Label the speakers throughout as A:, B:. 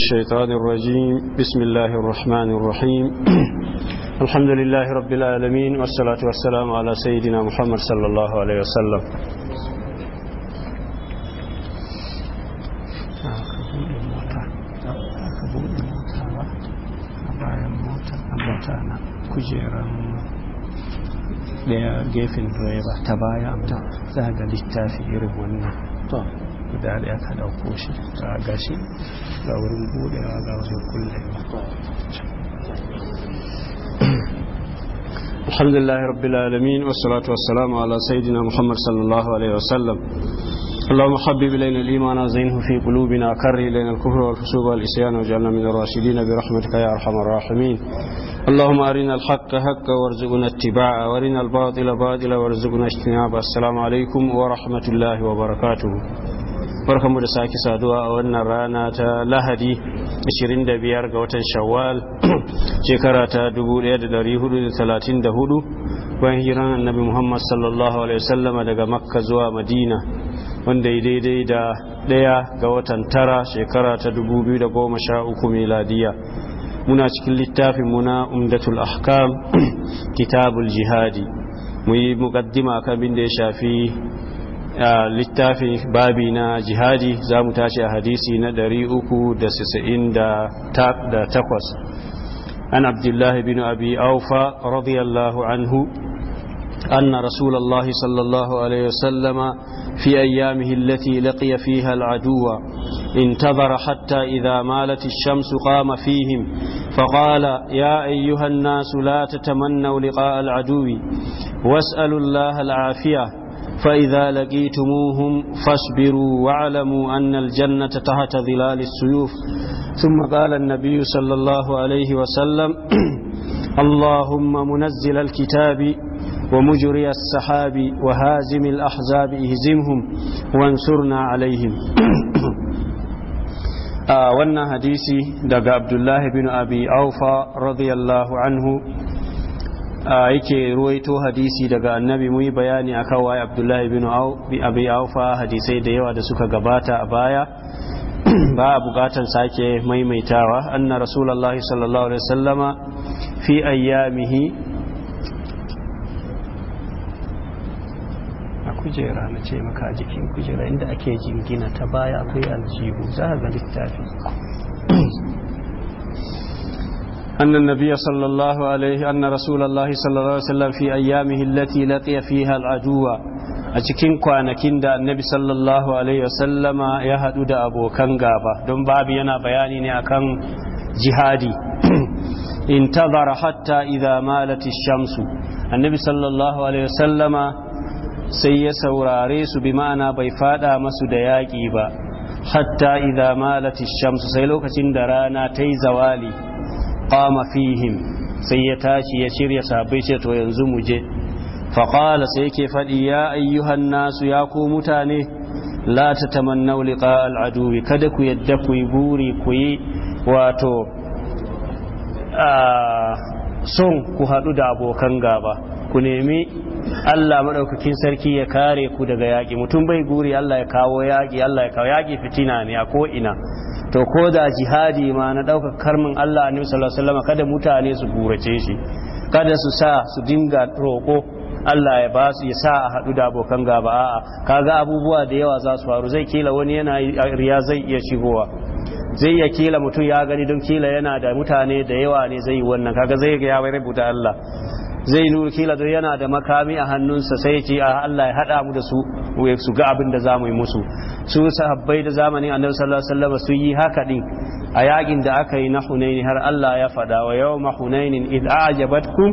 A: الشيطان الرجيم بسم الله الرحمن الرحيم الحمد لله رب العالمين والصلاة والسلام على سيدنا محمد صلى الله عليه وسلم gefen doya ba ta baya ta zaga littafi irin wannan guda daya ka dauko shi ga wurin budewa ga الحمد لله رب العالمين والصلاة والسلام على سيدنا محمد صلى الله عليه وسلم اللهم حبب إلينا الإيمان وزينه في قلوبنا كره إلينا الكفر والفسوق والإسيان وجعلنا من الراشدين برحمتك يا أرحم الراحمين اللهم أرنا الحق حقا وارزقنا اتباعه وارنا الباطل باطلا وارزقنا اجتنابه السلام عليكم ورحمة الله وبركاته mu da sake saduwa a wannan rana ta lahadi 25 ga watan shawwal shekara ta 1434 bayan hiran annabi muhammad sallallahu alaihi wasallama daga makka zuwa madina wanda ya daidai da daya ga watan tara shekara ta 2013 miladiya muna cikin littafin muna umdatul ahkam kitabul jihadi mu yi mukaddima kan bin da ya shafi littafi babi na jihadi za mu tashi a hadisi na 398 an abdullahi bin abi aufa radiyallahu anhu أن رسول الله صلى الله عليه وسلم في أيامه التي لقي فيها العدو انتظر حتى إذا مالت الشمس قام فيهم فقال يا أيها الناس لا تتمنوا لقاء العدو واسألوا الله العافية فإذا لقيتموهم فاصبروا واعلموا أن الجنة تحت ظلال السيوف ثم قال النبي صلى الله عليه وسلم اللهم منزل الكتاب ومجري السحاب وهازم الأحزاب اهزمهم وانصرنا عليهم آه وانا حديثي دقى عبد الله بن أبي أوفى رضي الله عنه yake ruwaito hadisi daga annabi mu yi bayani a kawai abdullahi bin abi aufa hadisai da yawa da suka gabata a baya ba a bukatar sake maimaitawa anna rasulallah sallallahu alaihi sallama fi ayyamihi a kujera na ce maka jikin kujera inda ake jingina ta baya akwai aljihu za a ga littafi أن النبي صلى الله عليه أن رسول الله صلى الله عليه وسلم في أيامه التي لقي فيها العدوى أتكين كوانكين دا النبي صلى الله عليه وسلم يهد دا أبو كنغابا دون بابي أنا بياني أكن جهادي انتظر حتى إذا مالت الشمس النبي صلى الله عليه وسلم سيسور عريس بمعنى بيفادا مسد ياكي با حتى إذا مالت الشمس سيلوكة درانا تي زوالي qama fihim sai ya tashi ya shirya sahabbai sai to yanzu mu je fa qala sai yake fadi ya ayyuhan nasu ya ku mutane la tatamannaw liqa al aduwi kada ku yadda ku yi buri ku yi wato son ku haɗu da abokan gaba ku nemi Allah madaukakin sarki ya kare ku daga yaƙi mutum bai guri Allah ya kawo yaƙi Allah ya kawo yaƙi fitina ne a ko ina to ko da jihadi ma na ɗaukar karmin Allah ne sallallahu alaihi wasallam kada mutane su gurace shi kada su sa su dinga roƙo Allah ya ba su ya sa a haɗu da abokan gaba a'a kaga abubuwa da yawa za su faru zai kila wani yana riya zai iya shigowa zai ya kila mutum ya gani don kila yana da mutane da yawa ne zai yi wannan kaga zai ya rubuta Allah zai nuna kila da yana da makami a hannunsa sai ce a ah, Allah ya haɗa mu da su su ga abin da za mu yi musu su sahabbai da zamanin annabi sallallahu alaihi wasallam su yi haka din a yakin da aka yi na Hunain har Allah ya faɗa wa yawma Hunain id a'jabatkum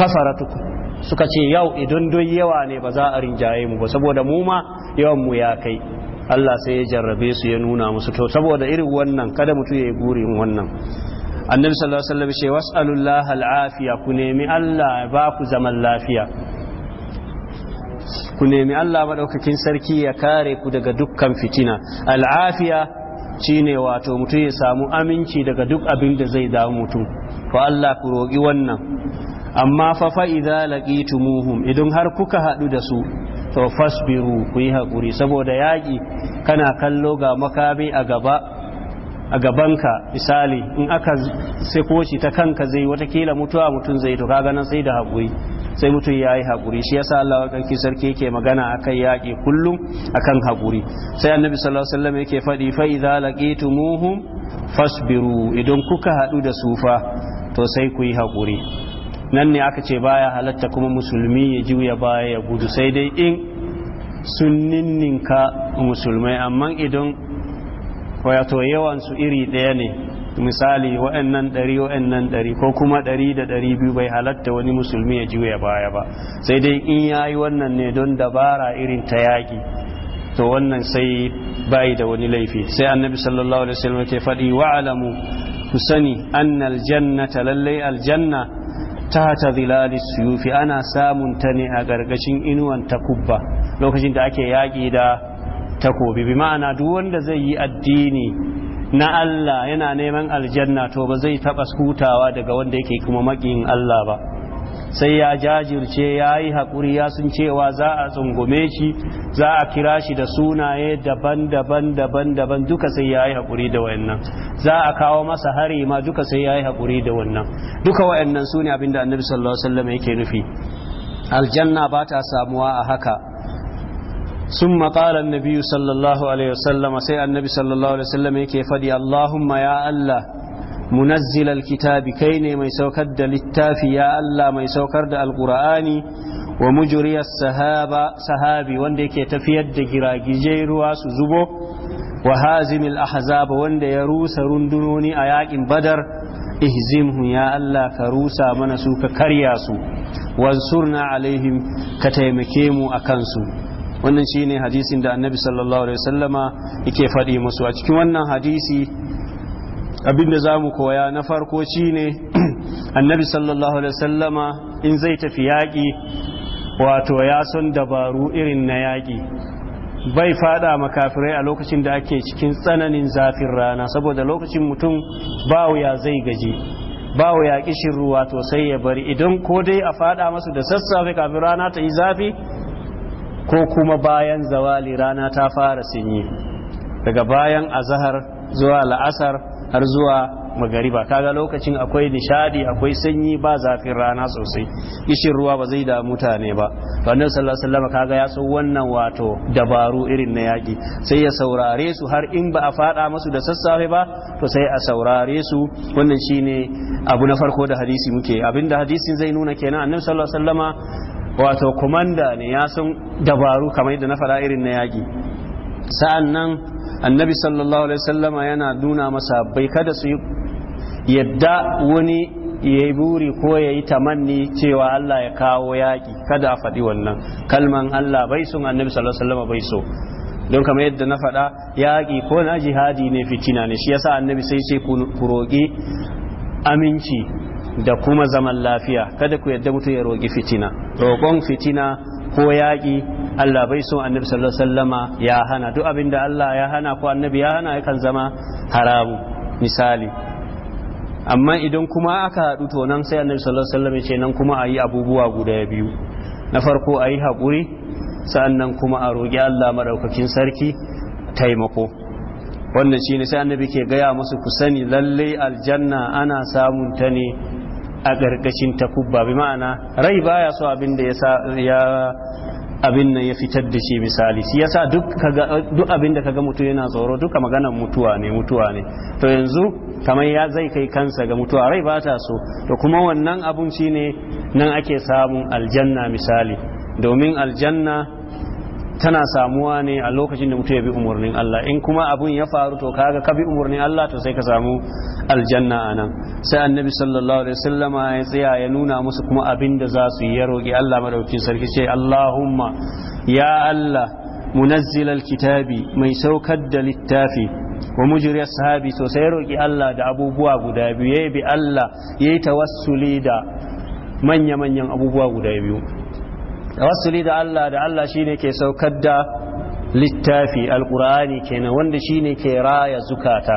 A: kasaratukum suka ce yau idan don yawa ne ba za a rinjaye mu ba saboda mu ma yawan mu ya kai Allah sai ya jarrabe su ya nuna musu to saboda irin wannan kada mutum ya yi wannan annabi sallallahu alaihi wasallam ce was'alullah al'afiya ku nemi Allah ba ku zaman lafiya ku nemi Allah madaukakin sarki ya kare ku daga dukkan fitina al'afiya shine wato mutum ya samu aminci daga duk abin da zai damu mutum fa Allah ku roƙi wannan amma fa fa idza laqitumuhum idan har kuka haɗu da su to fasbiru ku yi hakuri saboda yaƙi kana kallo ga makami a gaba a gabanka misali in aka sako shi ta kanka zai wata kila mutuwa mutum zai to kaga nan sai da haƙuri sai mutum ya yi haƙuri shi yasa Allah kanki sarki yake magana akan yaƙi kullum a kan haƙuri sai annabi sallallahu alaihi wasallam yake faɗi fa idza laqitumuhum fasbiru idan kuka haɗu da sufa to sai ku yi haƙuri nan ne aka ce baya halatta kuma musulmi ya juya baya ya gudu sai dai in sun ninninka musulmai amma idan wato yawansu iri ɗaya ne misali wa'annan ɗari wa'annan ɗari ko kuma ɗari da ɗari biyu bai halatta wani musulmi ya juya baya ba sai dai in ya yi wannan ne don dabara irin ta yaƙi to wannan sai bai da wani laifi sai annabi sallallahu alaihi wasallam ke faɗi wa alamu ku sani annal jannata lallai aljanna tahta zilali suyufi ana samun ta ne a gargashin inuwan takubba lokacin da ake yaƙi da takobi bi ma'ana duk wanda zai yi addini na Allah yana neman aljanna to ba zai taɓa hutawa daga wanda yake kuma maƙin Allah ba sai ya jajirce ya yi haƙuri ya sun cewa za a tsungume shi za a kira shi da sunaye daban-daban daban-daban duka sai ya yi haƙuri da wayannan za a kawo masa hari ma duka sai ya yi haƙuri da wannan duka wayannan su ne abinda annabi sallallahu alaihi wasallam yake nufi aljanna ba ta samuwa a haka ثم قال النبي صلى الله عليه وسلم سي النبي صلى الله عليه وسلم يكي فدي اللهم يا الله منزل الكتاب كيني ما يسوكد للتافي يا الله ما يسوكد القرآن ومجري السهابة سهابي وندي كي تفيد جراجي جيروا سزبو وهازم الأحزاب وندي يروس رندنوني أياك بدر ihzimhu ya Allah ka rusa mana su ka karya su wansurna alaihim ka taimake mu a kansu wannan shine hadisin da annabi sallallahu alaihi wasallama yake faɗi musu a cikin wannan hadisi abinda za mu koya na farko ne annabi sallallahu alaihi wasallama in zai tafi yaƙi wato ya son dabaru irin na yaƙi bai fada makafirai a lokacin da ake cikin tsananin zafin rana saboda lokacin mutum ba wuya zai gaji ba wuya kishin ruwa to sai ya bari idan ko dai a fada masu da sassafe kafin rana ta yi zafi ko kuma bayan zawali rana ta fara sinyi daga bayan azahar zuwa la'asar har zuwa magariba kaga lokacin akwai nishadi akwai sanyi ba zafin rana sosai ishin ruwa ba zai da mutane ba wannan sallallahu alaihi wasallam kaga ya wannan wato dabaru irin na yaki sai ya saurare su har in ba a fada musu da sassafe ba to sai a saurare su wannan shine abu na farko da hadisi muke abinda hadisin zai nuna kenan annabi sallallahu wato kumanda ne ya san dabaru kamar yadda na faɗa irin na yaƙi sa'an nan annabi sallallahu alaihi wasallama yana nuna masa bai kada su yadda wani ya yi buri ko ya yi tamanni cewa Allah ya kawo yaƙi kada a faɗi wannan kalman Allah bai sun annabi sallallahu alaihi bai so don kamar yadda na faɗa yaƙi ko na jihadi ne fitina ne shi yasa annabi sai sai ku roƙi aminci da kuma zaman lafiya kada ku yadda mutum ya roƙi fitina roƙon fitina ko yaƙi Allah bai so annabi sallallahu alaihi ya hana duk abin da Allah ya hana ko annabi ya hana yakan zama haramu misali amma idan kuma aka haɗu to nan sai annabi sallallahu alaihi ya ce nan kuma a yi abubuwa guda biyu na farko a yi haƙuri kuma a roƙi Allah maɗaukakin sarki taimako wannan shine sai annabi ke gaya musu ku sani lalle aljanna ana samun ta ne a ƙarƙashin takubba bi ma'ana rai baya so abin da ya abin nan ya fitar da shi misali shi yasa duk duk abin da kaga mutu yana tsoro duka maganar mutuwa ne mutuwa ne to yanzu kamar ya zai kai kansa ga mutuwa rai ba ta so to kuma wannan abun shine nan ake samun aljanna misali domin aljanna tana samuwa ne a lokacin da mutum ya bi umarnin Allah in kuma abun ya faru to kaga ka bi umarnin Allah to sai ka samu aljanna a nan sai annabi sallallahu alaihi wasallama ya tsaya ya nuna musu kuma abin da za su yi ya roƙi Allah madaukakin sarki ce Allahumma ya Allah munazzil kitabi mai saukar da littafi wa mujri ashabi to sai roƙi Allah da abubuwa guda biyu yayi bi Allah yayi tawassuli da manya-manyan abubuwa guda biyu tawassuli da Allah da Allah shine ke saukar da littafi alqur'ani kenan wanda shine ke raya zukata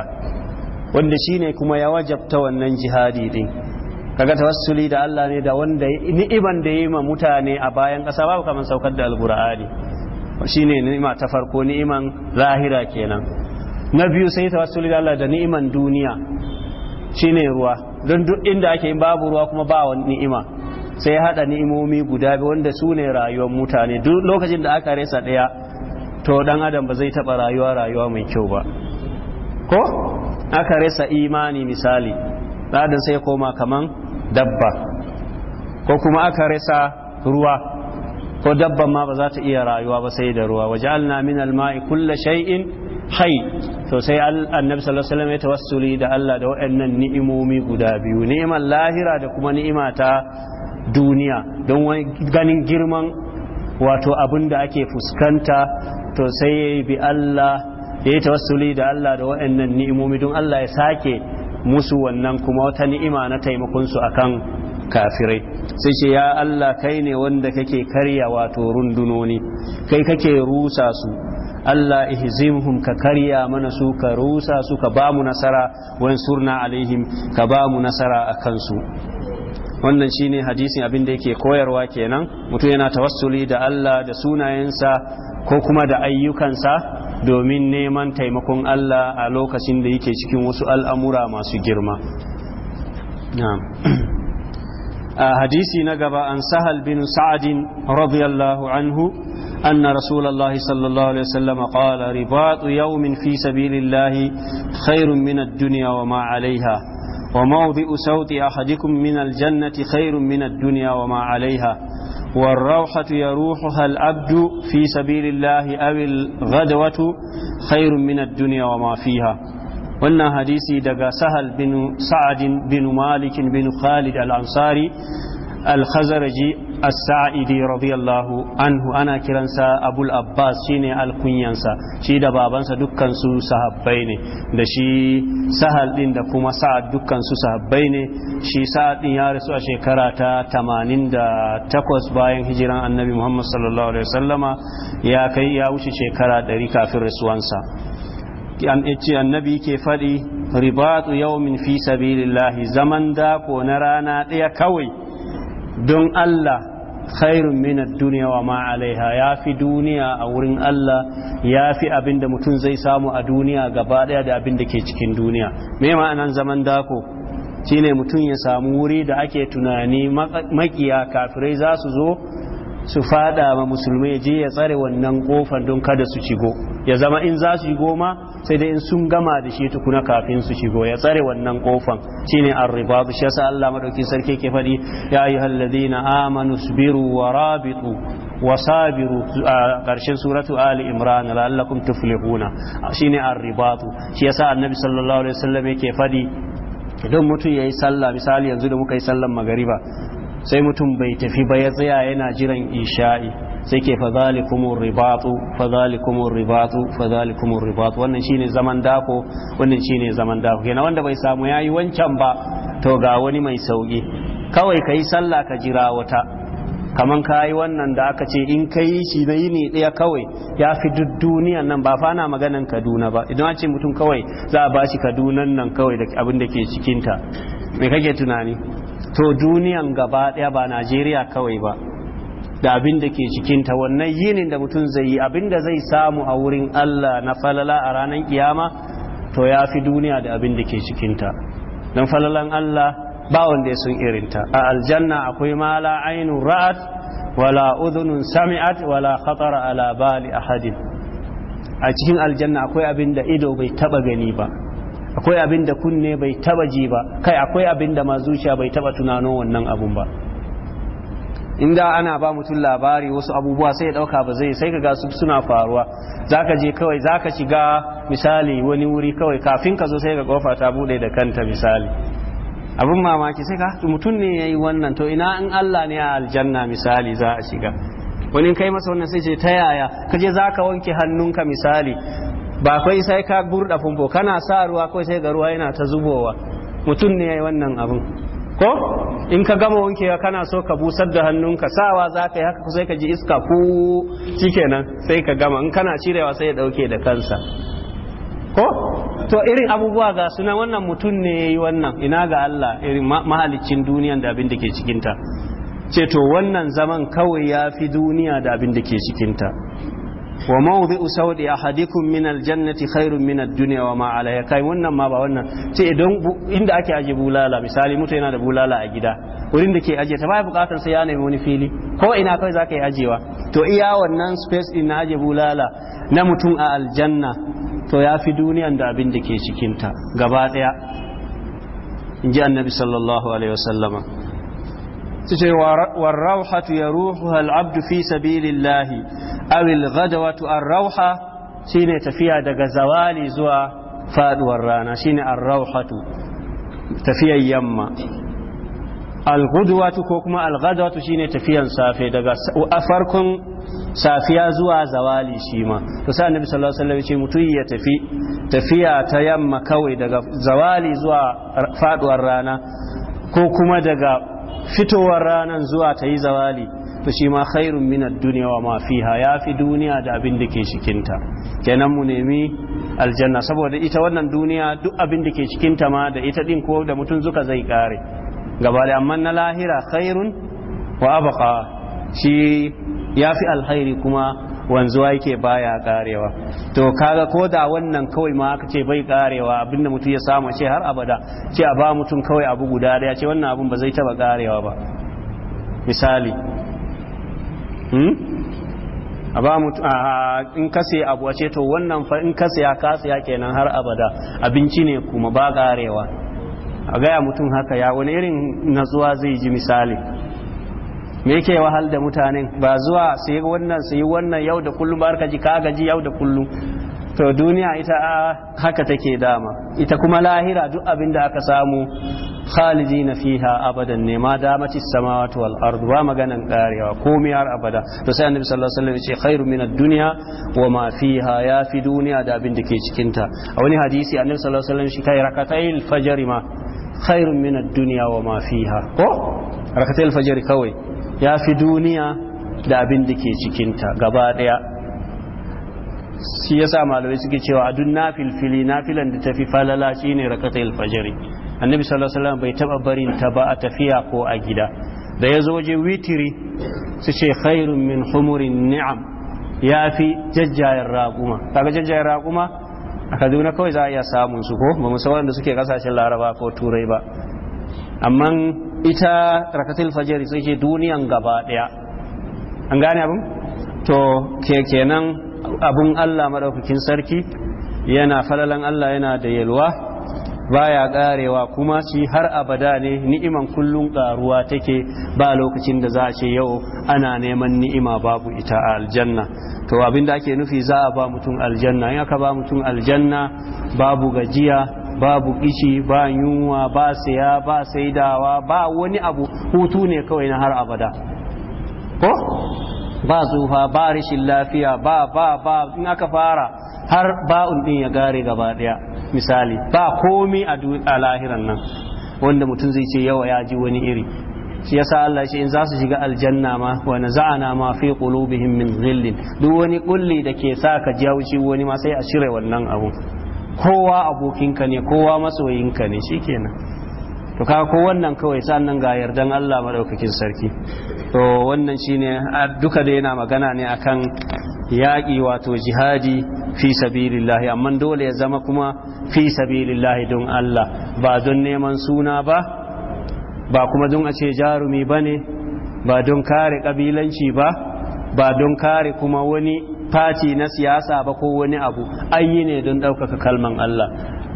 A: wanda shine kuma ya wajabta wannan jihadi din kaga tawassuli da Allah ne da wanda ni'iman da yi ma mutane a bayan kasa babu kaman saukar da alqur'ani shine ni'ima ta farko ni'iman zahira kenan na biyu sai tawassuli da Allah da ni'iman duniya shine ruwa don duk inda ake yin babu ruwa kuma ba wani ni'ima sai ya haɗa ni'imomi guda biyu wanda su ne rayuwar mutane duk lokacin da aka resa ɗaya to dan adam ba zai taɓa rayuwa rayuwa mai kyau ba ko aka resa imani misali ɗadan sai koma kaman dabba ko kuma aka resa ruwa ko dabban ma ba za ta iya rayuwa ba sai da ruwa waje alna min alma'i kulla shay'in hai to sai annabi sallallahu alaihi wasallam ya tawassuli da Allah da waɗannan ni'imomi guda biyu ni'imar lahira da kuma ni'imata. duniya don ganin girman wato abin da ake fuskanta to sai ya yi bi Allah ya yi tawassuli da Allah da waɗannan ni'imomi don Allah ya sake musu wannan kuma wata ni'ima na taimakonsu akan kafirai sai ce ya Allah kai ne wanda kake karya wato rundunoni kai kake rusa su Allah ihzimhum ka karya mana su ka rusa su ka ba mu nasara wansurna alaihim ka ba mu nasara akan su wannan shine hadisin abin da yake koyarwa kenan mutum yana tawassuli da Allah da sunayensa ko kuma da ayyukansa domin neman taimakon Allah a lokacin da yake cikin wasu al'amura masu girma a hadisi na gaba an sahal bin sa'adin radiyallahu anhu أن رسول الله صلى الله عليه وسلم قال رباط يوم في سبيل الله خير من الدنيا وما عليها وموضع سوت أحدكم من الجنة خير من الدنيا وما عليها والروحة يروحها الأبد في سبيل الله أو الغدوة خير من الدنيا وما فيها قلنا حديثي دقا سهل بن سعد بن مالك بن خالد الأنصاري الخزرجي as-sa'idi radiyallahu anhu ana kiransa abul abbas shine alkunyansa shi da babansa dukkan su sahabbai ne da shi sahal din da kuma sa'ad dukkan su sahabbai ne shi sa'ad din ya rasu a shekara ta 88 bayan hijiran annabi muhammad sallallahu alaihi wasallama ya kai ya wuce shekara 100 kafin rasuwansa an ce annabi ke faɗi ribatu yawmin fi sabilillahi zaman dako na rana ɗaya kawai don Allah khairun min duniya wa ma alaiha ya fi duniya a wurin Allah ya fi abin da mutum zai samu a duniya gaba daya da abin da ke cikin duniya me ma'anan zaman dako shine mutum ya samu wuri da ake tunani makiya kafirai za su zo su fada ma musulmai je ya tsare wannan kofar don kada su shigo ya zama in za su shigo ma sai dai in sun gama da shi tukuna kafin su shigo ya tsare wannan kofan shine ar-ribab shi yasa Allah madauki sarki ke fadi ya ayyuhalladhina amanu sabiru wa rabitu wa sabiru a ƙarshen suratu ali imran la'allakum tuflihuna shine ar-ribat shi yasa annabi sallallahu alaihi wasallam yake fadi idan mutum yayi sallah misali yanzu da muka yi sallar magariba sai mutum bai tafi ba ya tsaya yana jiran isha'i sai ke fazalikumun ribatu fazalikumun ribatu fazalikumun ribatu wannan shine zaman dako wannan shine zaman dako kenan wanda bai samu yayi wancan ba to ga wani mai sauki kawai kai sallah ka jira wata kaman yi wannan da aka ce in ka yi shi na yi ne ɗaya kawai ya fi duk duniyan nan ba fana maganan kaduna ba idan a ce mutum kawai za a bashi kadunan nan kawai da abin da ke cikinta me kake tunani to duniyan gaba ɗaya ba najeriya kawai ba da abin da ke cikinta wannan yinin da mutum zai yi abin da zai samu a wurin Allah na falala a ranar kiyama to ya fi duniya da abin da ke cikinta don falalan Allah ba wanda ya sun irinta a aljanna akwai ma la ra'at wala udhunun sami'at wala khatara ala bali ahadin a cikin aljanna akwai abin da ido bai taba gani ba akwai abin da kunne bai taba ji ba kai akwai abin da ma zuciya bai taba tunano wannan abun ba inda ana ba mutum labari wasu abubuwa sai ya dauka ba zai sai kaga su suna faruwa ka je kawai zaka shiga misali wani wuri kawai kafin ka zo sai ga kofa ta bude da kanta misali abin mamaki sai ka mutum ne yayi wannan to ina in Allah ne a aljanna misali za a shiga wani kai masa wannan sai ce ta yaya ka je zaka wanke hannunka misali ba kai sai ka burda fumbo kana sa ruwa kawai sai ga ruwa yana ta zubowa mutum ne yayi wannan abin ko in ka gama wankewa kana so ka busar da hannunka sawa za ka yi haka sai ka ji iska ku shikenan sai ka gama in kana cirewa sai ya dauke da kansa ko to irin abubuwa ga suna wannan mutum ne ya yi wannan ina ga Allah irin mahalicin duniyan da abin da ke cikinta ce to wannan zaman kawai ya fi duniya da abin da ke cikinta wa mawdhi'u sawdi ahadikum min aljannati khairun min ad-dunya wa ma wannan ma ba wannan ce idan inda ake aje bulala misali mutum yana da bulala a gida wurin da ke aje ta ba bukatar sai ya nemi wani fili ko ina kai zaka yi ajewa to iya wannan space din na aje bulala na mutum a aljanna to ya fi duniyan da abin da ke cikinta gaba daya in ji annabi sallallahu alaihi wasallama su ce warrauhatu ya ruhu al'abdu fi sabilillahi awil gadawatu arrauha shine tafiya daga zawali zuwa faduwar rana shi ne shine arrauhatu Tafiyan yamma alghudwatu ko kuma alghadwatu shine tafiyan safe daga farkon safiya zuwa zawali shi ma to sai annabi sallallahu alaihi wasallam ya ce mutum ya tafi tafiya ta yamma kawai daga zawali zuwa faduwar rana ko kuma daga fitowar ranar zuwa ta yi zawali to shi ma khairun minar duniya wa ma fiha ya fi duniya da abin da ke cikinta kenan mu nemi aljanna saboda ita wannan duniya duk abin da ke cikinta ma da ita din ko da mutum zuka zai kare gaba da amma na lahira khairun wa abaka shi ya fi alhairi kuma wanzuwa yake baya karewa to kaga ko da wannan kawai ma aka ce bai karewa abinda mutum ya samu ce har abada ce a ba mutum kawai abu guda daya ce wannan abun ba zai taba karewa ba misali hmm? a ba mutu a in kase abu ce to wannan fa in kase ya kase ya kenan har abada abinci ne kuma ba karewa a gaya mutum haka ya wani irin natsuwa zai ji misali me yake wahal da mutanen ba zuwa su yi wannan su yi wannan yau da kullum ba ka ji ka gaji yau da kullum to duniya ita haka take dama ita kuma lahira duk abin da aka samu khalidi na fiha abadan ne ma damaci samawati wal ardu ba maganan karewa komai har abada to sai annabi sallallahu alaihi wasallam ya ce khairu minad dunya wa ma fiha ya fi duniya da abin da ke cikin ta a wani hadisi annabi sallallahu alaihi wasallam shi kai rakatayil fajr ma khairun minad dunya wa ma fiha ko rakatayil fajr kawai ya fi duniya da abin da ke cikinta gaba ɗaya shi ya sa malamai suke cewa a duk nafilfili nafilan da tafi falala shi ne rakata ilfajari. annabi sallallahu alaihi bai taba barin ta ba a tafiya ko a gida da ya zo witiri su ce khairun min humurin ni'am ya fi jajjayen raguma. kaga jajjayen raguma a kaduna kawai za a iya samun su ko ba musamman da suke kasashen laraba ko turai ba Amman. ita rakatul fajari sai ce duniyan gaba daya an gane abin to ke kenan abun Allah madaukakin sarki yana falalan Allah yana da yalwa baya karewa kuma shi har abada ne ni'iman kullun karuwa take ba lokacin da za a ce yau ana neman ni'ima babu ita a aljanna to abinda ake nufi za a ba mutum aljanna in aka ba mutum aljanna babu gajiya babu kishi ba yunwa ba saya ba saidawa ba wani abu hutu ne kawai na har abada ko ba zufa ba rashin lafiya ba ba ba in aka fara har ba'un din ya gare gaba daya misali ba komi a lahiran nan wanda mutum zai ce yawa ya ji wani iri shi yasa Allah ce in za su shiga aljanna ma wa naza'ana ma fi qulubihim min ghillin duk wani kulli da ke sa ka jawci wani ma sai a shire wannan abun. kowa abokinka ne kowa masoyinka ne shikenan to kaga ko wannan kawai sannan ga yardan Allah madaukakin sarki to wannan shine duka da yana magana ne akan yaƙi wato jihadi fi sabilillahi amma dole ya zama kuma fi sabilillahi don Allah ba don neman suna ba ba kuma don a ce jarumi bane ba don kare kabilanci ba ba don kare kuma wani faci na siyasa ba ko wani abu an yi ne don ɗaukaka kalman Allah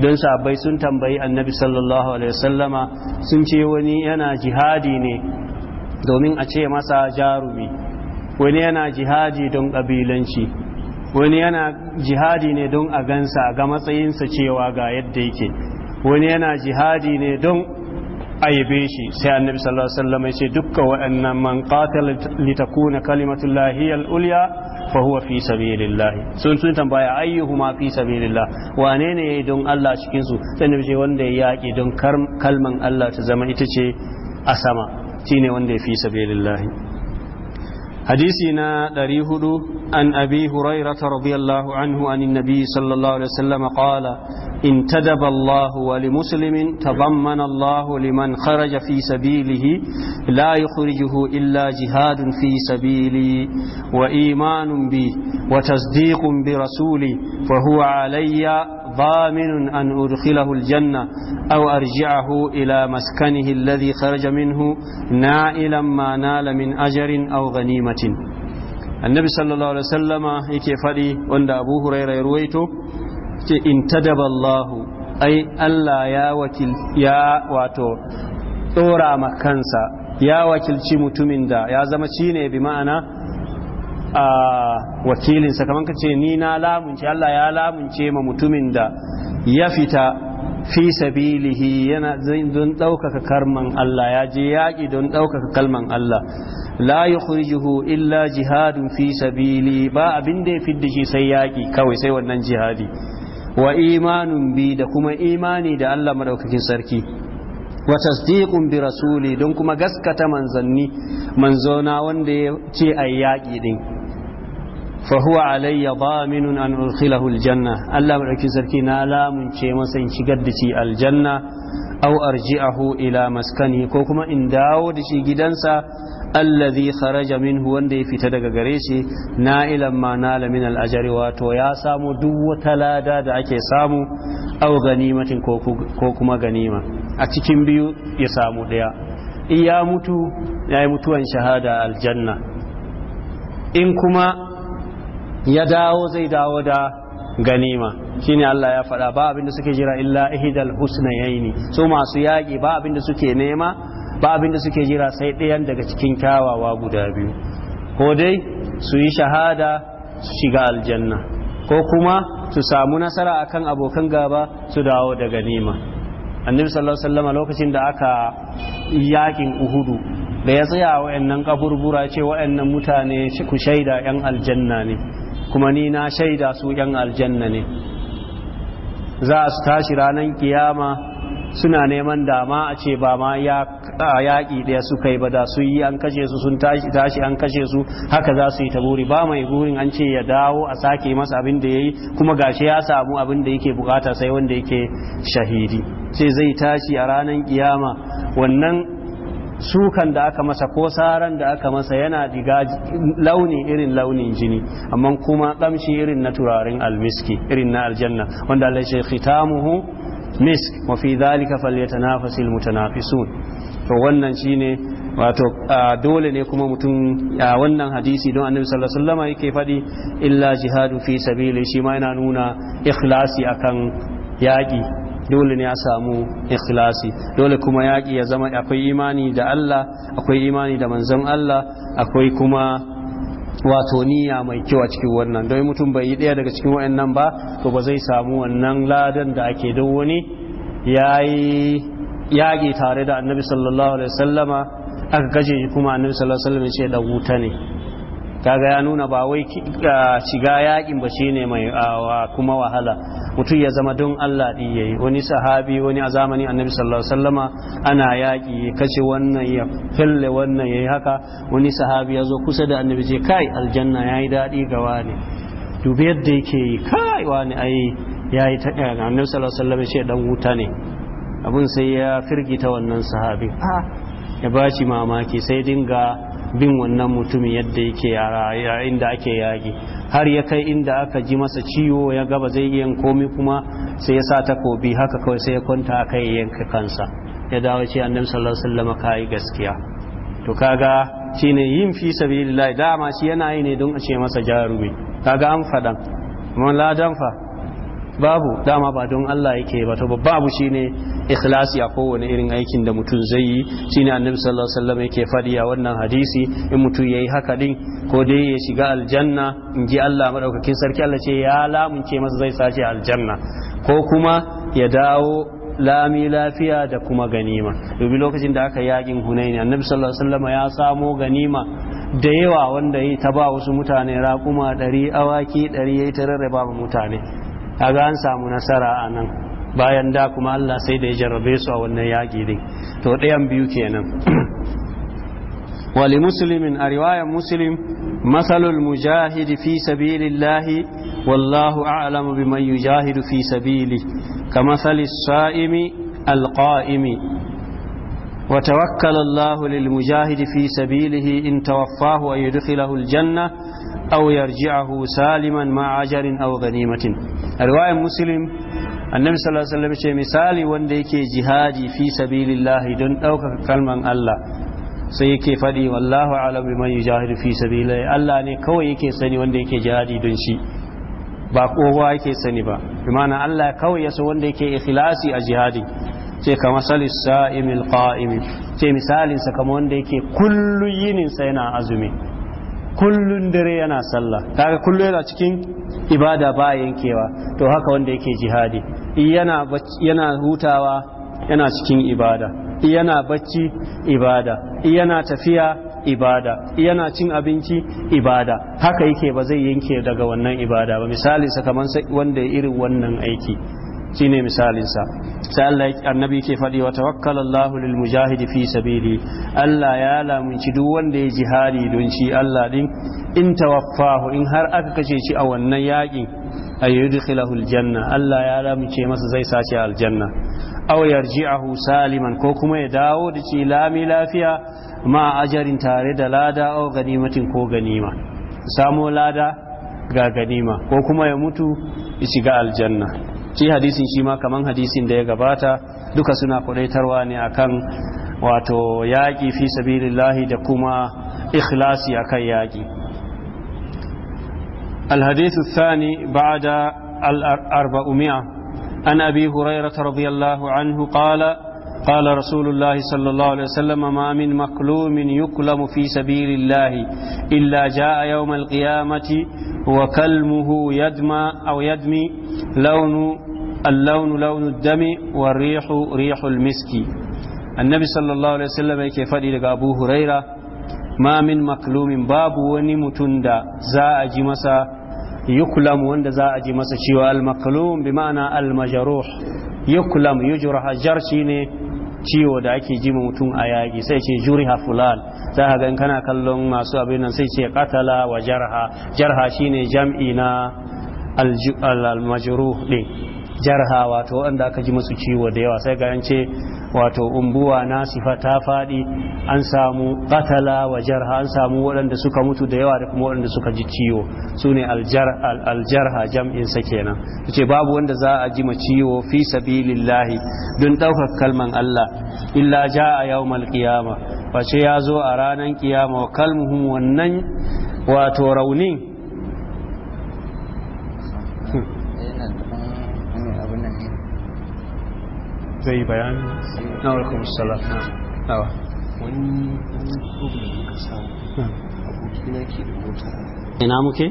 A: don sabai sun tambayi annabi sallallahu alaihi wasallama sun ce wani yana jihadi ne domin a ce masa jarumi wani yana jihadi don ƙabilanci wani yana jihadi ne don a gansa ga matsayinsa cewa ga yadda yake wani yana jihadi ne don aibe shi sai annabi sallallahu alaihi wasallam ya ce dukkan wa'annan man qatala litakuna kalimatullah hiya al-ulya fa huwa fi sabilillah sun sun tambaya ayyuhuma fi sabilillah wane ne yayi don Allah cikin su sai annabi wanda ya yaki don kalman Allah ta zama ita ce a sama shine wanda ya fi sabilillah حديثنا دريهد عن أبي هريرة رضي الله عنه عن النبي صلى الله عليه وسلم قال انتدب الله ولمسلم تضمن الله لمن خرج في سبيله لا يخرجه إلا جهاد في سبيلي وإيمان بي وتصديق برسولي فهو علي ضامن أن أدخله الجنة أو أرجعه إلى مسكنه الذي خرج منه نائلا ما نال من أجر أو غنيمة النبي صلى الله عليه وسلم يكي فدي أبو هريرة يرويته انتدب الله أي ألا يا وكل يا واتو تورا مكانسا يا وكل mutumin متمندا يا zama بمعنى wakilinsa kamar ka ce ni na lamunce Allah ya lamunce ma mutumin da ya fita fi sabilihi yana don ɗaukaka karman Allah ya je yaƙi don ɗaukaka kalman Allah la yukhrijuhu illa jihadun fi sabili ba abin da ya fidda shi sai yaƙi kawai sai wannan jihadi wa imanun bi da kuma imani da Allah madaukakin sarki wa tasdiqun bi rasuli don kuma gaskata manzanni manzona wanda ya ce ai yaƙi din fa huwa alayya daminun an ulkhilahu aljanna Allah madauki sarki na lamunce masa in shigar da shi aljanna aw arji'ahu ila maskani ko kuma in dawo da shi gidansa Allah zai kharaja minhu wanda ya fita daga gare shi na'ilan ma nala min al wato ya samu duk wata lada da ake samu aw ganimatin ko kuma ganima a cikin biyu ya samu daya in ya mutu ya mutuwan shahada aljanna in kuma ya dawo zai dawo da ganima shine Allah ya faɗa ba abinda suke jira illa ihdal husnayaini su masu yaƙi ba abinda suke nema ba abinda suke jira sai ɗayan daga cikin kyawawa guda biyu ko dai su yi shahada su shiga aljanna ko kuma su samu nasara akan abokan gaba su dawo da ganima annabi sallallahu alaihi wasallam lokacin da aka yakin uhudu da ya tsaya wa'annan kaburbura ce wa'annan mutane ku shaida yan aljanna ne kuma ni na shaida su yan aljanna ne za su tashi ranar kiyama suna neman dama a ce ba ma yaƙi ɗaya su kai ba da su yi an kashe su sun tashi an kashe su haka za su yi ta buri ba mai burin an ce ya dawo a sake masa abin da ya yi kuma gashi ya samu abin da yake bukata sai wanda yake shahidi sai zai tashi a ranar kiyama wannan sukan da aka masa ko saran da aka masa yana diga launi irin launin jini amma kuma kamshi irin na turaren almiski irin na aljanna wanda Allah ya khitamuhu misk wa fi dhalika falyatanafasil mutanafisun to wannan shine wato dole ne kuma mutum a wannan hadisi don annabi sallallahu alaihi wasallam yake fadi illa jihadu fi sabili shi ma yana nuna ikhlasi akan yaƙi dole ne ya samu ikhlasi dole kuma yaƙi ya zama akwai imani da Allah akwai imani da manzon Allah akwai kuma wato niyya mai kyau a cikin wannan don mutum bai yi ɗaya daga cikin waɗannan ba to ba zai samu wannan ladan da ake don wani yayi yaƙi tare da annabi sallallahu alaihi wasallama aka gaje kuma annabi sallallahu alaihi wasallama ya ce da wuta ne kaga ya nuna ba wai shiga yakin ba shine mai kuma wahala mutum ya zama don Allah din yayi wani sahabi wani a zamanin annabi sallallahu alaihi wasallama ana yaki kace wannan ya falle wannan yayi haka wani sahabi ya zo kusa da annabi ce kai aljanna yayi dadi ga wani dubi yadda yake yi kai wani ai yayi ta eh, annabi sallallahu alaihi wasallama ce dan wuta ne abun sai ya firgita wannan sahabi ah. ya bashi mamaki sai dinga bin wannan mutumin yadda yake yayin da ake yagi har ya kai inda aka ji masa ciwo ya gaba zai iya komi kuma sai ya sa takobi haka kawai sai ya kwanta a kai yanka kansa ya dawo ce annabi sallallahu alaihi wasallam yi gaskiya to kaga shine yin fi sabilillah dama shi yana yi ne don a ce masa jarumi kaga an fadan amma la babu dama ba don Allah yake ba to babba abu shine ikhlasi a kowane irin aikin da mutum zai yi shine annabi sallallahu alaihi wasallam yake fadi a wannan hadisi in mutum yayi haka din ko dai ya shiga aljanna in ji Allah madaukakin sarki Allah ce ya lamunce masa zai sace aljanna ko kuma ya dawo lami lafiya da kuma ganima dubi lokacin da aka yakin hunaini annabi sallallahu alaihi wasallam ya samo ganima da yawa wanda ya ta ba wasu mutane raƙuma ɗari awaki ɗari ya yi ta rarraba mutane kaga an samu nasara a nan bayan da kuma Allah sai da ya jarrabe su a wannan yaƙi din to ɗayan biyu kenan wali muslimin a riwayar muslim masalul mujahidi fi sabilillahi wallahu a'lamu biman yujahidu fi sabili ka masali sa'imi alqa'imi وتوكل الله للمجاهد في سبيله إن توفاه أن الجنة aw yarji'ahu saliman ma ajarin aw ganimatin riwayar muslim annabi sallallahu alaihi wasallam ce misali wanda yake jihadi fi sabilillahi don ɗaukaka kalman Allah sai yake faɗi wallahu alam man yujahidu fi sabilillahi Allah ne kawai yake sani wanda yake jihadi don shi ba kowa yake sani ba imana Allah kawai ya wanda yake ikhlasi a jihadi ce ka masalis sa'imil qa'im ce misalin sa kamar wanda yake kullu yinin sa yana azumi kullun dare yana sallah kaga kullun yana cikin ibada ba yankewa to haka wanda yake jihadi yana yana hutawa yana cikin ibada yana bacci ibada yana tafiya ibada yana cin abinci ibada haka yake ba zai yanke daga wannan ibada ba misali sakamansa wanda irin wannan aiki shine misalinsa sai Allah annabi ke faɗi wa tawakkala lil mujahidi fi sabili Allah ya lamunci duk wanda ya jihadi don shi Allah din in tawaffahu in har aka kace shi a wannan yakin ay yudkhilahu aljanna Allah ya lamunce masa zai sace aljanna aw yarji'ahu saliman ko kuma ya dawo da shi lami lafiya ma ajarin tare da lada aw ganimatin ko ganima samo lada ga ganima ko kuma ya mutu ya shiga aljanna shi hadisin shi ma kaman hadisin da ya gabata duka suna kudaitarwa ne akan wato yaƙi fi sabilillahi da kuma ikhlasi akan yaƙi الحديث الثاني بعد الأربعمائة عن أبي هريرة رضي الله عنه قال قال رسول الله صلى الله عليه وسلم ما من مكلوم يكلم في سبيل الله إلا جاء يوم القيامة وكلمه يدمى أو يدمي لون اللون لون الدم والريح ريح المسك النبي صلى الله عليه وسلم yake faɗi daga Abu Huraira ma min babu wani mutum da za ji masa yuklam wanda za ji masa cewa al bi ma'ana al-majruh yuklam yujrah jar shine ciwo da ake ji mutum a yaƙi sai ce juriha fulan za ka ga in kana kallon masu abin nan sai ce katala wa jarha jarha shine jam'i na al-majruh jarha wato wanda aka ji masu ciwo da yawa sai ga an ce wato umbuwa sifa ta faɗi an samu qatala wa jarha an samu wadanda suka mutu da yawa da kuma wadanda suka ji ciwo sune aljarha jam'in sa kenan ce babu wanda za a ji ma ciwo fi sabilillahi don ɗaukar kalman Allah illa jaa yawmal qiyama face ya zo a ranar kiyama wa kalmuhum wannan wato raunin zai bayani na alaikum wani muka samu da mota ina muke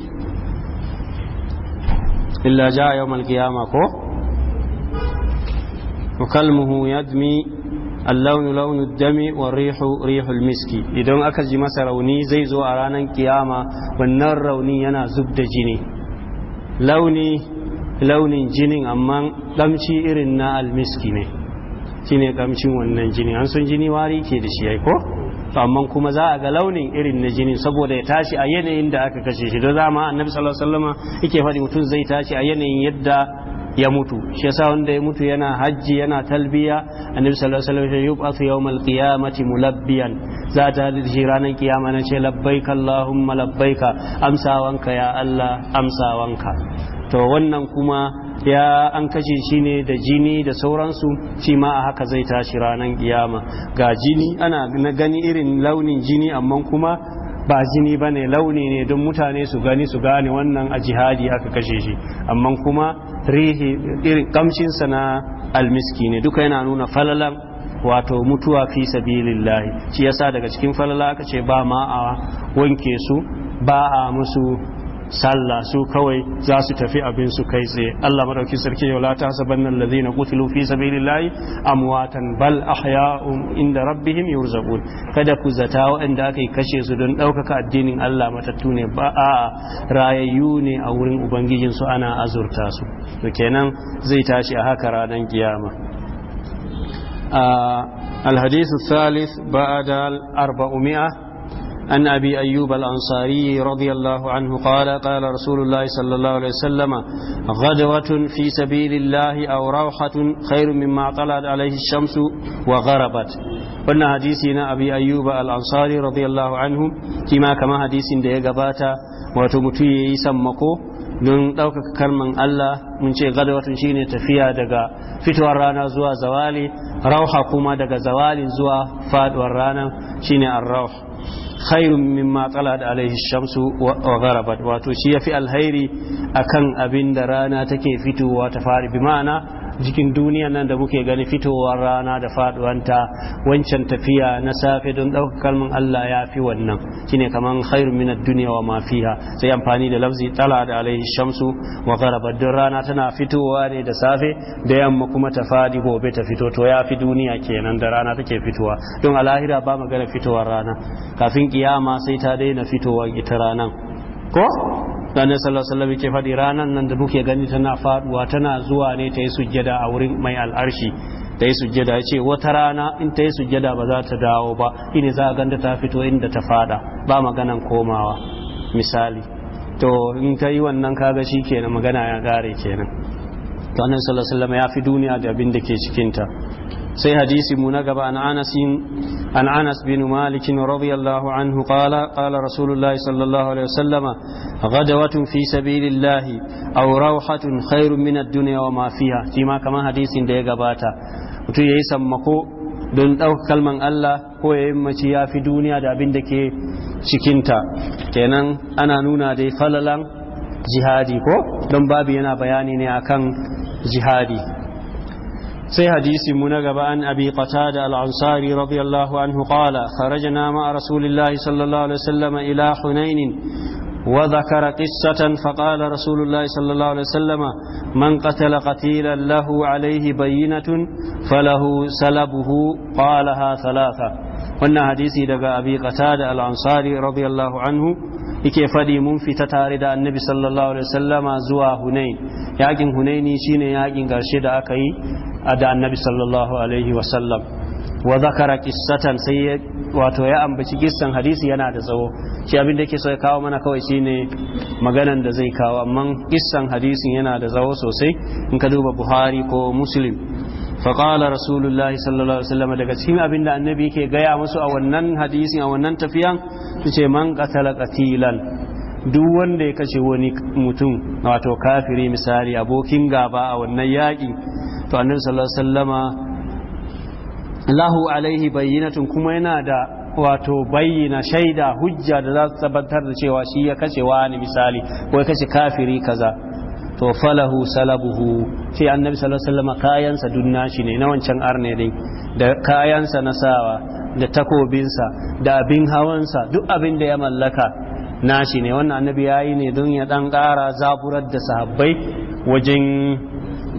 A: illa ja yau malkiyama ko وكلمه يدمي اللون لون الدم wa ريح المسك idan aka ji masa rauni zai zo a ranar kiyama wannan rauni yana zub da jini launi launin jinin amma damci irin na almiski ne shine kamcin wannan jini an san jini wari ke da shi ai ko to amma kuma za a ga launin irin na jini saboda ya tashi a yanayin da aka kashe shi da zama annabi sallallahu alaihi wasallam yake faɗi mutum zai tashi a yanayin yadda ya mutu shi yasa wanda ya mutu yana hajji yana talbiya annabi sallallahu alaihi wasallam yub'athu yawmal qiyamati mulabbiyan za ta da shi ranar kiyama na ce labbaika allahumma labbaika amsawanka ya allah amsawanka to wannan kuma ya an kashe shi ne da jini da sauransu shi ma a haka zai tashi ranar kiyama ga jini ana na gani irin launin jini amma kuma ba jini ba ne launi ne don mutane su gani su gane wannan a jihadi aka kashe shi amma kuma rihi irin kamshinsa na almiski ne duka yana nuna falalan wato mutuwa fi sabilillahi shi yasa daga cikin falala aka ce ba ma a wanke su ba a musu sallah su kawai za su tafi abin su kai tsaye Allah madauki sarki yau la tasabanna alladhina qutilu fi sabilillahi amwatan bal ahya'un inda rabbihim yurzaqun kada ku zata waɗanda aka kashe su don ɗaukaka addinin Allah matattu ne ba a rayayyu ne a wurin ubangijin su ana azurta su to kenan zai tashi a haka ranar kiyama الحديث الثالث بعد الأربعمائة عن أبي أيوب الأنصاري رضي الله عنه قال قال رسول الله صلى الله عليه وسلم غدوة في سبيل الله أو روحة خير مما طلعت عليه الشمس وغربت قلنا حديثنا أبي أيوب الأنصاري رضي الله عنه كما كما حديث ده غباتا وتمتي يسمكو don ɗaukaka kalman Allah mun ce gadawatun shine tafiya daga fitowar rana zuwa zawali rauha kuma daga zawali zuwa faduwar rana shine ar-rauh khairun mimma da alaihi shamsu wa gharabat wato shi yafi alhairi akan abin da rana take fitowa ta fari bi ma'ana jikin duniya nan da muke gani fitowar rana da faduwanta wancan tafiya na safe don ɗauka kalmin Allah ya fi wannan shine kamar khairu min ad-dunya wa ma fiha sai amfani da lafzi tala da alaihi shamsu wa gharabat don rana tana fitowa ne da safe da yamma kuma ta fadi gobe ta fito to ya fi duniya kenan da rana take fitowa don a lahira ba magana fitowar rana kafin kiyama sai ta daina fitowar ita ranan ko annabi sallallahu alaihi wasallam yake faɗi ranar nan da muke gani tana faɗuwa tana zuwa ne ta yi sujjada a wurin mai al'arshi ta yi sujjada ya ce wata rana in ta yi sujjada ba za ta dawo ba ina za a ganda ta fito inda ta faɗa ba maganan komawa misali to in ta yi wannan kaga shi kenan magana ya gare kenan to annabi sallallahu alaihi ya fi duniya da abin da ke cikinta sai hadisi mu na gaba an anas bin malik allahu anhu qala kala rasulullah sallallahu alaihi wasallam ghadawatun fi sabilillah aw rawhatun khairun min ad wa mafiya fi ma kamar hadisin da ya gabata mutum yayi sammako don ɗaukar kalman Allah ko ya mace ya fi duniya da abin da ke cikinta kenan ana nuna dai falalan jihadi ko don babu yana bayani ne akan jihadi سي حديث منغب عن أبي قتادة الأنصاري رضي الله عنه قال خرجنا مع رسول الله صلى الله عليه وسلم إلى حنين وذكر قصة فقال رسول الله صلى الله عليه وسلم من قتل قتيلا له عليه بينة فله سلبه قالها ثلاثة wannan hadisi daga abi qatada al-ansari radiyallahu anhu yake faɗi mun fita tare da annabi sallallahu alaihi wasallama zuwa hunain yakin hunaini shine yakin garshe da aka yi a da annabi sallallahu alaihi wasallam wa zakara qissatan sai wato ya ambaci kissan hadisi yana da tsawo shi abin da yake so ya kawo mana kawai shine maganan da zai kawo amma kissan hadisin yana da tsawo sosai in ka duba buhari ko muslim faƙala rasulullahi sallallahu alaihi wasallam daga cikin abin da annabi yake gaya musu a wannan hadisin a wannan tafiyan su ce man qatala qatilan duk wanda ya kashe wani mutum wato kafiri misali abokin gaba a wannan yaƙi to annabi sallallahu alaihi wasallama lahu alaihi bayyinatun kuma yana da wato bayyana shaida hujja da za su tabbatar da cewa shi ya kashe wani misali ko ya kashe kafiri kaza to falahu salabuhu ce annabi sallallahu alaihi wasallam kayansa dunna shi ne na wancan arne din da kayansa na sawa da takobinsa da abin hawansa duk abin da ya mallaka nashi ne wannan annabi yayi ne don ya dan ƙara zaburar da sahabbai wajen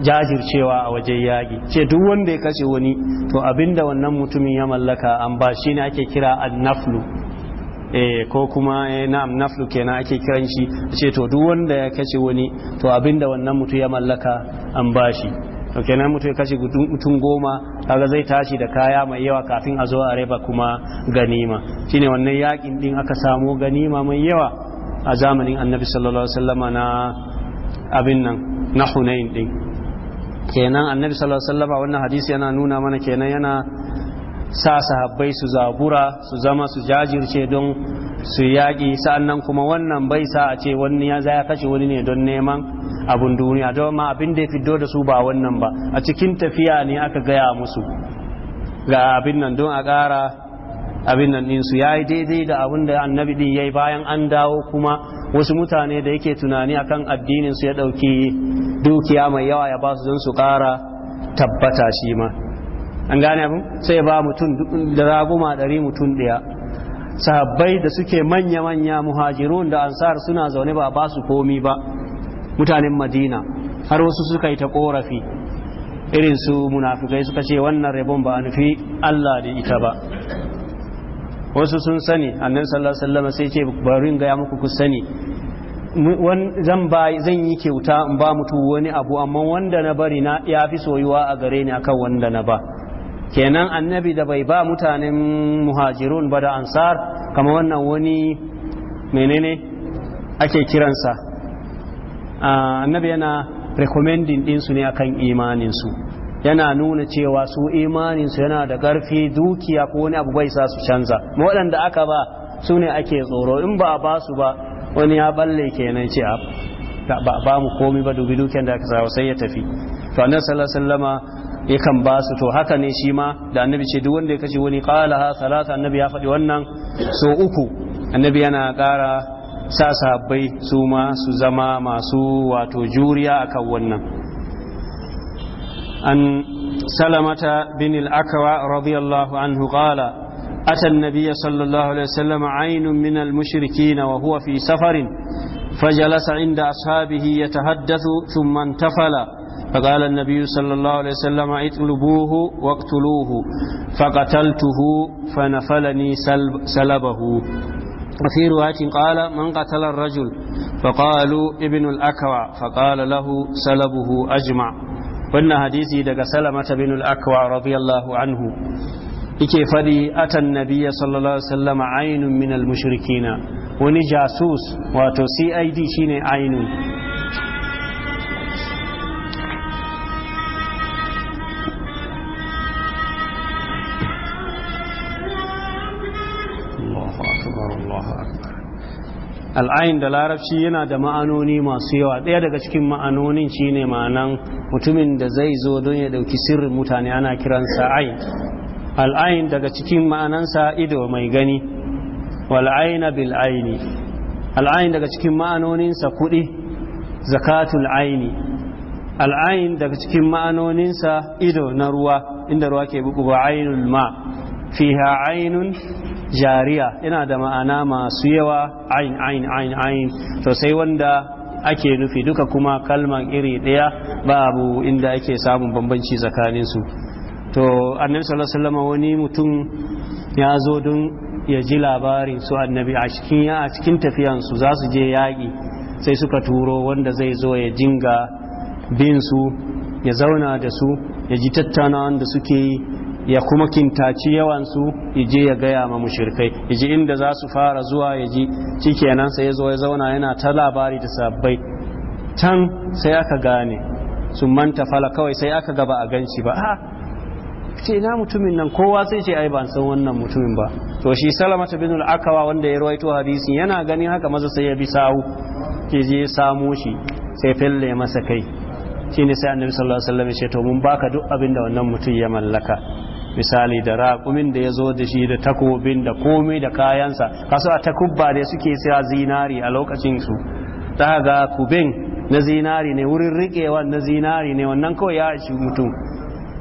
A: jajircewa a wajen yaƙi ce duk wanda ya kashe wani to abinda wannan mutumin ya mallaka an ba shi ne ake kira annaflu Eh, ko kuma eh, na'am naflu kenan ake kiran shi ce to duk wanda ya kace wani to abinda wannan mutu ya mallaka an bashi to kenan mutu ya kashe mutum goma kaga zai tashi da kaya mai yawa kafin a zo a raba kuma ganima shine wannan yakin din aka samo ganima mai yawa a zamanin annabi sallallahu alaihi wasallama na abin nan na hunain din kenan annabi sallallahu alaihi wasallama wannan hadisi yana nuna mana kenan yana sa sahabbai su zabura su zama su jajirce don su yaƙi sa'annan kuma wannan bai sa a ce wani ya zaya kashe wani ne don neman abin duniya don ma abin da ya fiddo da su ba wannan ba a cikin tafiya ne aka gaya musu ga abin nan don a ƙara abin nan ɗinsu ya yi daidai da abin da annabi ɗin ya yi bayan an dawo kuma wasu mutane da yake tunani akan addinin su ya ɗauki dukiya mai yawa ya ba su don su ƙara tabbata shi ma an gane abin sai ba mutum da raguma ɗari mutum ɗaya sahabbai da suke manya-manya muhajirun da ansar suna zaune ba a ba su komi ba mutanen madina har wasu suka yi ta korafi irin su munafikai suka ce wannan rabon ba a nufi allah da ita ba wasu sun sani annan sallallahu alaihi sai ce barin gaya muku ku sani zan zan yi kyauta in ba mutu wani abu amma wanda na bari na ya fi soyuwa a gare ni akan wanda na ba kenan annabi da bai ba mutanen muhajirun ba da ansar kama wannan wani menene ake kiransa annabi yana recommending ɗinsu ne akan imaninsu yana nuna cewa su imaninsu yana da ƙarfi dukiya ko wani abu bai sa su canza waɗanda aka ba su ne ake tsoro in ba a ba su ba wani ya balle kenan ce ah, ba ba mu komi ba dubi dukiyar da aka sa sai ya tafi to annabi sallallahu alaihi wasallama yakan ba su to haka ne shi ma da annabi ce duk wanda ya kashe wani kala ha salata annabi ya faɗi wannan so uku annabi yana ƙara sa sahabbai su ma su zama masu wato juriya akan wannan an salamata bin al-akwa radiyallahu anhu qala أتى النبي صلى الله عليه وسلم عين من المشركين وهو في سفر فجلس عند أصحابه يتحدث ثم انتفل فقال النبي صلى الله عليه وسلم اطلبوه واقتلوه فقتلته فنفلني سلب سلبه وفي رواية قال من قتل الرجل فقالوا ابن الأكوع فقال له سلبه أجمع وإن حديثي دق سلمة بن الأكوع رضي الله عنه ike faɗi atan nabiya sallallahu alaihi wasallam ainun min almushrikina wani jasus wato cid shine ainun al'ayin da larabci yana da ma'anoni masu yawa ɗaya daga cikin ma'anonin shine ma'anan mutumin da zai zo don ya ɗauki sirrin mutane ana kiransa ayin al'ayin daga cikin ma'anansa ido mai gani wal'ayina bil aini al'ayin daga cikin ma'anoninsa kuɗi zakatul aini al'ayin daga cikin ma'anoninsa ido na ruwa inda ruwa ke buku ba ainul ma fiha ainun jariya yana da ma'ana masu yawa ain ain ain ain to sai wanda ake nufi duka kuma kalman iri ɗaya babu inda ake samun bambanci tsakaninsu to annabi sallallahu alaihi wasallam wani mutum ya zo don ya ji labarin su annabi a cikin ya a cikin tafiyansu za su je yaƙi sai suka turo wanda zai zo ya jinga bin su ya zauna da su ya ji tattaunawan da suke yi ya kuma kintaci yawansu ije ya gaya ma mushirkai ije inda za su fara zuwa ya ji cikenan sai ya zo ya zauna yana ta labari da sabbai can sai aka gane sun manta fala kawai sai aka gaba a ganci ba ah, ce ina mutumin nan kowa sai ce ai ban san wannan mutumin ba to shi salamata bin al-akawa wanda ya rawaito hadisin yana ganin haka maza sai ya bi sawu ke je samo shi sai fille masa kai shine sai annabi sallallahu alaihi wasallam ya ce to mun baka duk abin da wannan mutum ya mallaka misali da raƙumin da ya zo da shi da takobin da komai da kayansa kasu a takubba da suke siya zinari a lokacin su ta ga kubin na zinari ne wurin riƙewa na zinari ne wannan kawai ya shi mutum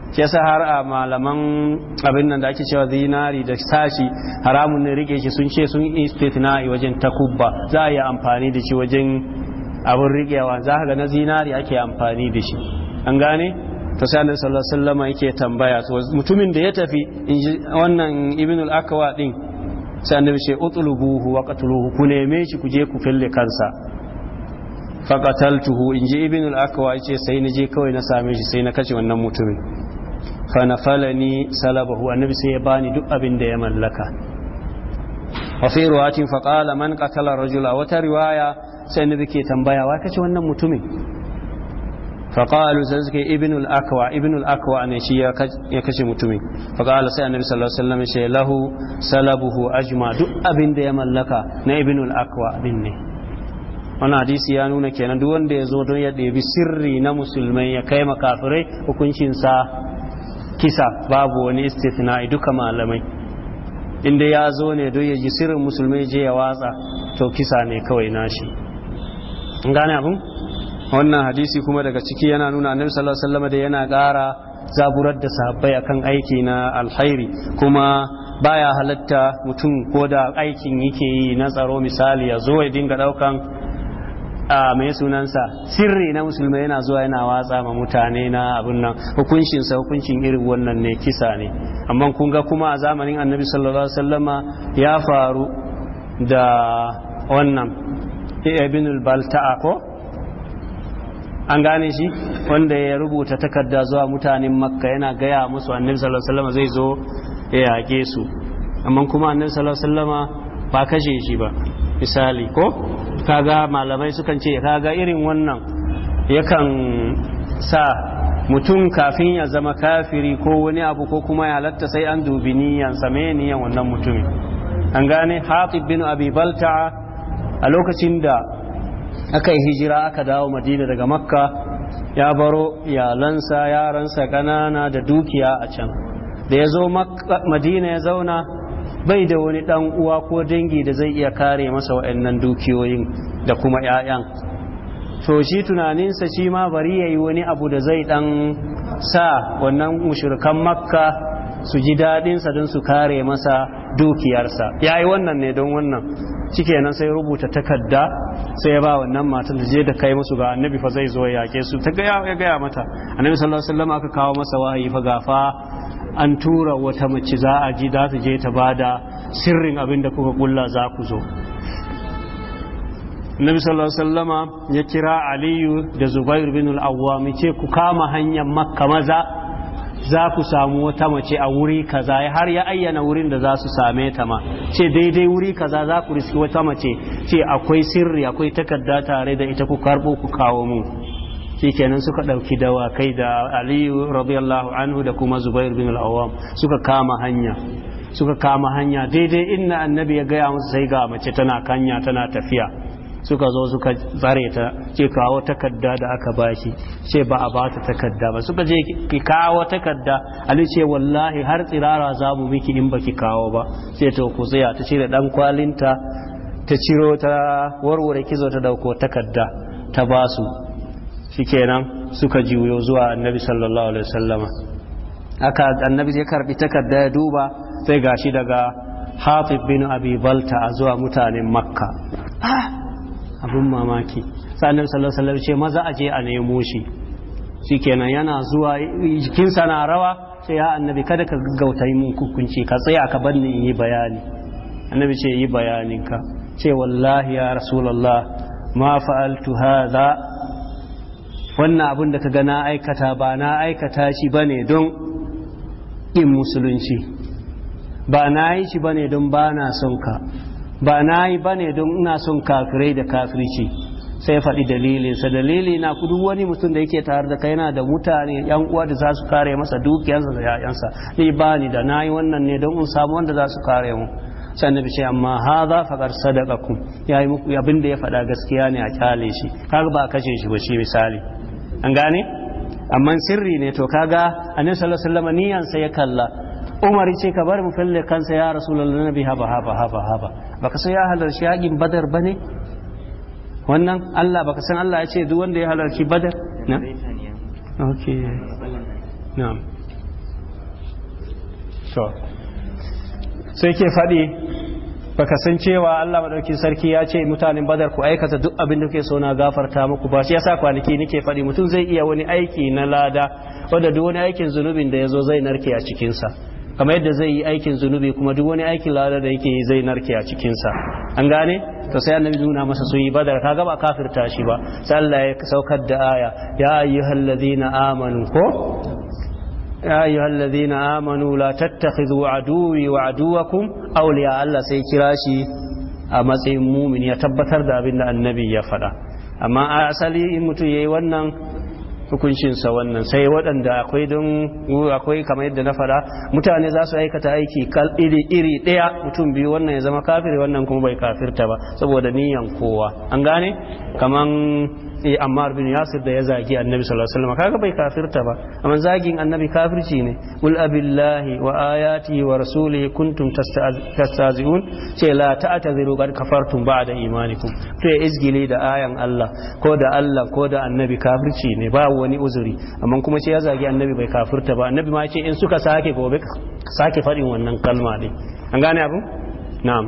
A: Ke yasa har a malaman abin nan da ake cewa zinari da sashi haramun ne rike shi sun ce sun istitna'i wajen takubba za a yi amfani da shi wajen abin riƙewa za ga na zinari ake amfani da shi an gane to sai annabi sallallahu alaihi wasallam yake tambaya to mutumin da ya tafi inji wannan ibn al-akwa din sai annabi ce utlubuhu wa qatluhu ku neme shi ku je ku fille kansa fa qataltuhu inji ibn al-akwa yace sai na je kawai na same shi sai na kace wannan mutumin fa nafalani salabahu annabi sai ya bani duk abin da ya mallaka wa fi riwayatin fa qala man qatala rajula wata riwaya sai annabi ke tambaya wa kace wannan mutumin faƙalu sai suke ibnul akwa ibnul akwa ne shi ya kashe mutumin faƙalu sai annabi sallallahu alaihi wasallam shi lahu salabuhu ajma duk abin da ya mallaka na ibnul akwa din ne Wani hadisi ya nuna kenan duk wanda ya zo don ya ɗebi sirri na musulmai ya kai makafirai hukuncinsa kisa babu wani istithna'i duka malamai inda ya zo ne don ya ji sirrin musulmai je ya watsa to kisa ne kawai nashi gane abin wannan hadisi kuma daga ciki yana nuna annabi sallallahu alaihi wasallam da yana ƙara zaburar da sahabbai akan aiki na alkhairi kuma baya halatta mutum ko da aikin yake yi na tsaro misali ya zo ya dinga daukan a mai sunansa sirri na musulma yana zuwa yana watsa ma mutane na abin nan hukuncinsa hukuncin irin wannan ne kisa ne amma kun ga kuma a zamanin annabi sallallahu alaihi wasallam ya faru da wannan ibn al-balta'a ko an gane shi wanda ya rubuta takarda zuwa mutanen makka yana gaya musu annin salasalama zai zo ya yake su amma kuma annin salasalama ba kashe shi ba misali ko kaga malamai sukan ce kaga irin wannan yakan sa mutum kafin ya zama kafiri ko wani abu ko kuma ya latta sai an dubi niyan same niyan wannan mutumin an gane hatib bin abi balta a lokacin da aka yi hijira aka dawo madina daga makka ya baro iyalansa yaransa ƙanana da dukiya a can da ya zo madina ya zauna bai da wani ɗan uwa ko dangi da zai iya kare masa waɗannan dukiyoyin da kuma 'ya'yan to shi tunaninsa shi ma bari ya yi wani abu da zai ɗan sa wannan mushirikan makka su ji daɗinsa don su kare masa dukiyarsa ya yi wannan ne don wannan shikenan sai rubuta takarda sai ya ba wannan matan da je da kai musu ga annabi fa zai zo ya yake su ta gaya gaya mata annabi sallallahu alaihi wasallam aka kawo masa wahayi fa gafa an tura wata mace za a ji za ta je ta bada sirrin abin da kuka kulla za ku zo Nabi sallallahu Alaihi wasallama ya kira Aliyu da Zubair bin al-Awwam ce ku kama hanyar makka maza za ku samu wata mace a wuri kaza har ya ayyana wurin da za su same ta ma ce daidai wuri kaza za ku riski wata mace ce akwai sirri akwai takarda tare da ita ku karbo ku kawo mu shikenan suka ɗauki kai da aliyu radiyallahu anhu da kuma zubair bin al-awwam suka kama hanya suka kama hanya daidai inna annabi ya gaya musu sai ga mace tana kanya tana tafiya suka zo suka tsare ta ce kawo takarda da aka bashi ce ba a ba ta takarda ba suka je ki kawo takarda ali ce wallahi har tsirara za mu miki in baki kawo ba ce to ku tsaya ta cire dan kwalinta ta ciro ta warware kizo ta dauko takarda ta basu shikenan suka juyo zuwa annabi sallallahu alaihi wasallama aka annabi ya karbi takarda ya duba sai gashi daga hafi bin Abi Balta a zuwa mutanen Makka ah, abin mamaki sanar salasalar ce maza aje a nemo shi shi kenan yana zuwa jikinsa na rawa ce ya annabi kada ka yi mun kukunci ka tsaya ka bar ni yi bayani annabi ce yi bayanin ka ce wallahi ya rasulallah ma fa'altu hadha wannan abin da ka ga na aikata ba na aikata shi bane don in musulunci ba na yi shi bane don ba na son ka ba na yi ba ne don ina son kafirai da kafirci sai faɗi dalilinsa dalili na kudu wani mutum da yake tare da kai yana da mutane yan uwa da za su kare masa dukiyansa da ya'yansa ni ba ni da na yi wannan ne don in samu wanda za su kare mu sai annabi ce amma sadaka ku ya yi muku abin da ya faɗa gaskiya ne a kyale shi kar ba kashe shi ba shi misali an gane amma sirri ne to kaga annabi sallallahu alaihi wasallam niyan ya kalla Umar ce ka bar mu falle kansa ya na nabi haba haba haba haba baka san ya halarci yakin badar ba ne wannan Allah baka san Allah ya ce duk wanda ya halarci badar na okay na so sai ke faɗi baka san cewa Allah madauki sarki ya ce mutanen badar ku aikata duk abin da kuke so na gafarta muku ba shi yasa kwanaki nake faɗi mutum zai iya wani aiki na lada wanda duk wani aikin zunubin da ya zo zai narke a cikinsa kamar yadda zai yi aikin zunubi kuma duk wani aikin lada da yake yi zai narke a cikinsa an gane to sai annabi nuna masa su yi badar kaga ba kafirta shi ba sai Allah ya saukar da aya ya ayyuhal ladina amanu ko ya ayyuhal ladina amanu la tattakhidhu aduwi wa aduwakum awliya Allah sai kira shi a matsayin mumin ya tabbatar da abin da annabi ya faɗa amma asali in mutum yayi wannan hukuncinsa wannan sai waɗanda akwai don akwai kamar yadda na fara mutane za su aikata aiki iri iri ɗaya mutum biyu wannan ya zama kafiri wannan kuma bai kafirta ba saboda niyan kowa an gane kaman Amma eh, Ammar bin Yasir da ya zagi Annabi sallallahu alaihi wasallam kaga bai kafirta ba amma zagin Annabi kafirci ne ul'abillahi abillahi wa ayati wa rasulihi kuntum tastazi'un ce la ta'tadiru qad kafartum ba'da imanikum to ya izgile da ayan Allah ko da Allah ko da Annabi kafirci ne ba wani uzuri amma kuma ce ya zagi Annabi bai kafirta ba Annabi ma ce in suka sake gobe sake faɗin wannan kalma din an gane abu na'am